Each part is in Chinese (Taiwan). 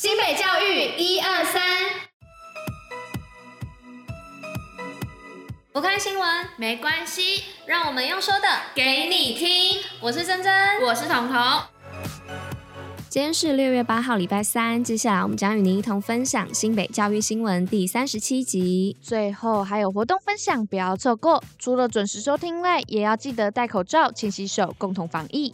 新北教育一二三，不看新聞沒關係，讓我們用說的給你聽。我是珍珍，我是彤彤。今天是六月八號，禮拜三。接下來我們將與您一同分享新北教育新聞第三十七集。最後還有活動分享，不要錯過。除了準時收聽外，也要記得戴口罩、勤洗手，共同防疫。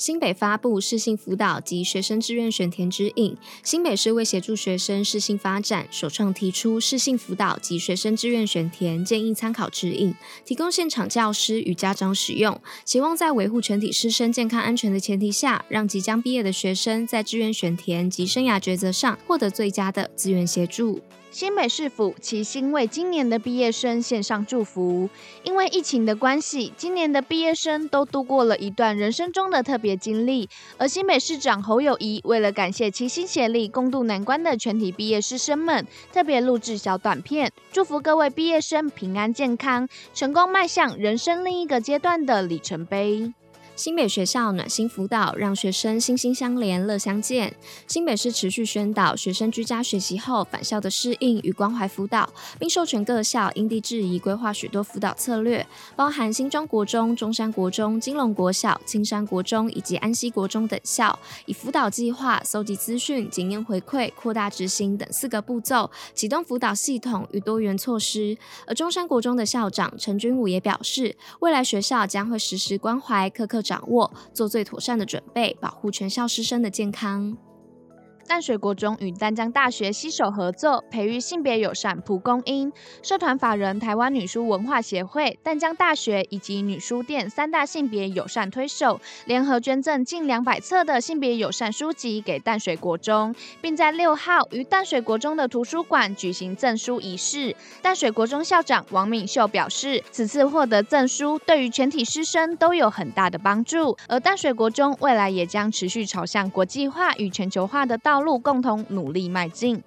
新北發布適性輔導及學生志願選填指引。新北市為協助學生適性發展，首創提出適性輔導及學生志願選填建議參考指引，提供現場教師與家長使用，希望在維護全體師生健康安全的前提下，讓即將畢業的學生在志願選填及生涯抉擇上獲得最佳的資源協助。新北市府齊心為今年的畢業生獻上祝福，因為疫情的關係，今年的畢業生都度過了一段人生中的特別經歷。而新北市長侯友宜為了感謝齊心協力共度難關的全體畢業師生們，特別錄制小短片，祝福各位畢業生平安健康，成功邁向人生另一個階段的里程碑。新北學校暖心輔導，讓學生心心相連、樂相見。新北市持續宣導學生居家學習後返校的適應與關懷輔導，並授權各校因地制宜規劃許多輔導策略，包含新莊國中、中山國中、金龍國小、青山國中以及安溪國中等校，以輔導計劃、搜集資訊、檢驗回饋、擴大執行等四個步驟啟動輔導系統與多元措施。而中山國中的校長陳君武也表示，未來學校將會實施關懷、課課。掌握做最妥善的準備，保護全校師生的健康。淡水國中與淡江大學攜手合作，培育性別友善蒲公英。社團法人台灣女書文化協會、淡江大學以及女書店三大性別友善推手聯合捐贈近兩百冊的性別友善書籍給淡水國中，並在六號於淡水國中的圖書館舉行贈書儀式。淡水國中校長王敏秀表示，此次獲得贈書對於全體師生都有很大的幫助，而淡水國中未來也將持續朝向國際化與全球化的道路。路共同努力邁進。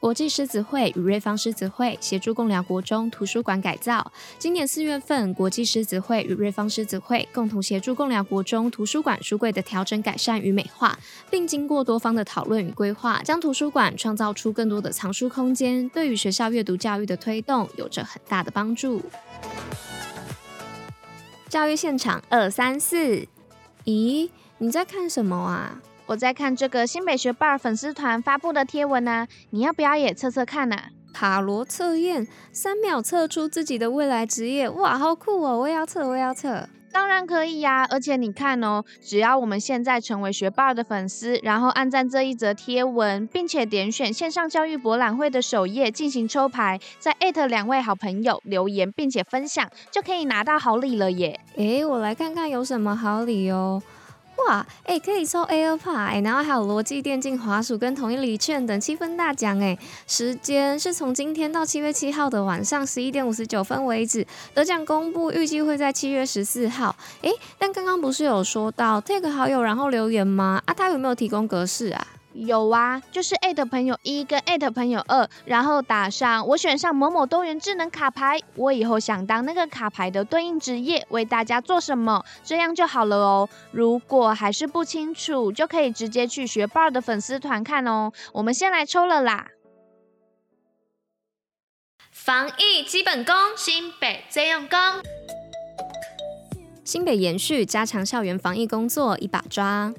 國際獅子會與瑞芳獅子會協助貢寮國中圖書館改造。今年四月份，國際獅子會與瑞芳獅子會共同協助貢寮國中圖書館書櫃的調整、改善與美化，並經過多方的討論與規劃，將圖書館創造出更多的藏書空間，對於學校閱讀教育的推動有着很大的幫助。教育現場二三四，咦，你在看什麼啊？我在看這個新北學霸粉絲團發佈的貼文呢、啊，你要不要也測測看呢、啊？塔羅測驗，三秒測出自己的未來職業，哇，好酷哦！我要測，我要測。當然可以呀、啊，而且你看哦，只要我們現在成為學霸的粉絲，然後按讚這一則貼文，並且點選線上教育博覽會的首頁進行抽牌，再艾特兩位好朋友留言並且分享，就可以拿到好禮了耶！誒，我來看看有什麼好禮哦。哇，哎、欸，可以抽 AirPods 然後還有羅技電競滑鼠跟統一禮券等七分大獎，哎、欸，時間是從今天到七月七號的晚上十一點五十九分為止，得獎公布預計會在七月十四號，哎、欸，但剛剛不是有說到 tag、這個、好友然後留言嗎？啊，他有沒有提供格式啊？有啊，就是艾特朋友一跟艾特朋友二，然後打上我選上某某多元智能卡牌，我以後想當那個卡牌的對應職業，為大家做什麼，這樣就好了哦。如果還是不清楚，就可以直接去學 Bar 的粉絲團看哦。我們先來抽了啦。防疫基本功，新北最用功。新北延續加強校園防疫工作，一把抓。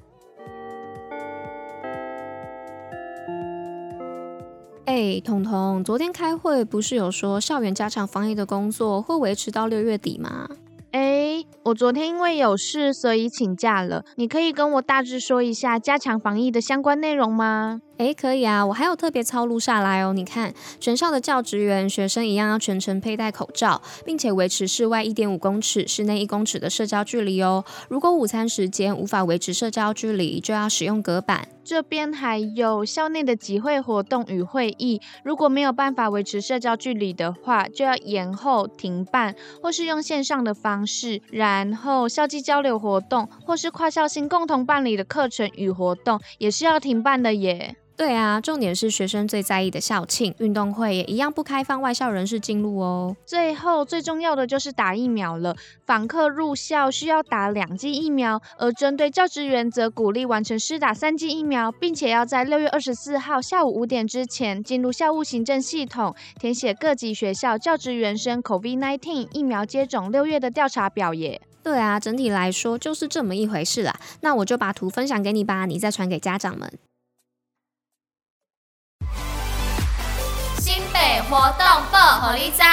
哎，彤彤，昨天開會不是有說校園加強防疫的工作會維持到六月底嗎？哎、欸，我昨天因為有事所以請假了，你可以跟我大致說一下加強防疫的相關內容嗎？哎，可以啊，我還有特別抄錄下來哦。你看，全校的教職員、學生一樣要全程佩戴口罩，並且維持室外一點五公尺、室內一公尺的社交距離哦。如果午餐時間無法維持社交距離，就要使用隔板。這邊還有校內的集會活動與會議，如果沒有辦法維持社交距離的話，就要延後、停辦，或是用線上的方式。然後校際交流活動或是跨校間共同辦理的課程與活動，也是要停辦的耶。對啊，重點是學生最在意的校慶、運動會也一樣不開放外校人士進入哦。最後最重要的就是打疫苗了，訪客入校需要打兩劑疫苗，而針對教職員則鼓勵完成施打三劑疫苗，並且要在六月二十四號下午五點之前進入校務行政系統填寫各級學校教職員生 COVID-19 疫苗接種六月的調查表耶。對啊，整體來說就是這麼一回事啦。那我就把圖分享給你吧，你再傳給家長們。活動報虎哩知。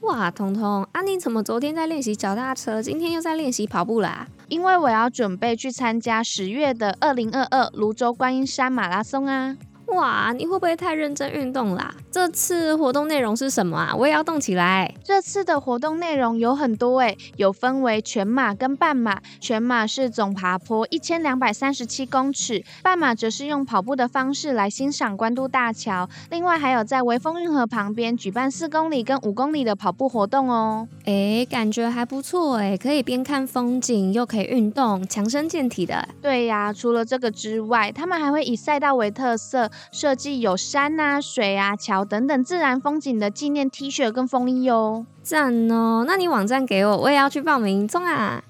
哇，彤彤安妮、啊、怎麼昨天在練習腳踏車，今天又在練習跑步啦、啊、因為我要準備去參加十月的二零二二蘆洲觀音山馬拉松啊。哇，你會不會太認真運動啦，啊？這次活動內容是什麼啊？我也要動起來。這次的活動內容有很多誒，有分為全馬跟半馬，全馬是總爬坡一千兩百三十七公尺，半馬則是用跑步的方式來欣賞關渡大橋。另外還有在微風運河旁邊舉辦四公里跟五公里的跑步活動哦。哎，感覺還不錯誒，可以邊看風景又可以運動，強身健體的。對呀，啊，除了這個之外，他們還會以賽道為特色。設計有山啊、水啊、橋等等自然風景的紀念 T 恤跟風衣哦，讚哦！那你網站給我，我也要去報名中啊。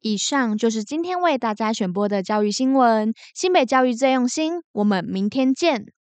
以上就是今天為大家選播的教育新聞，新北教育最用心，我們明天見。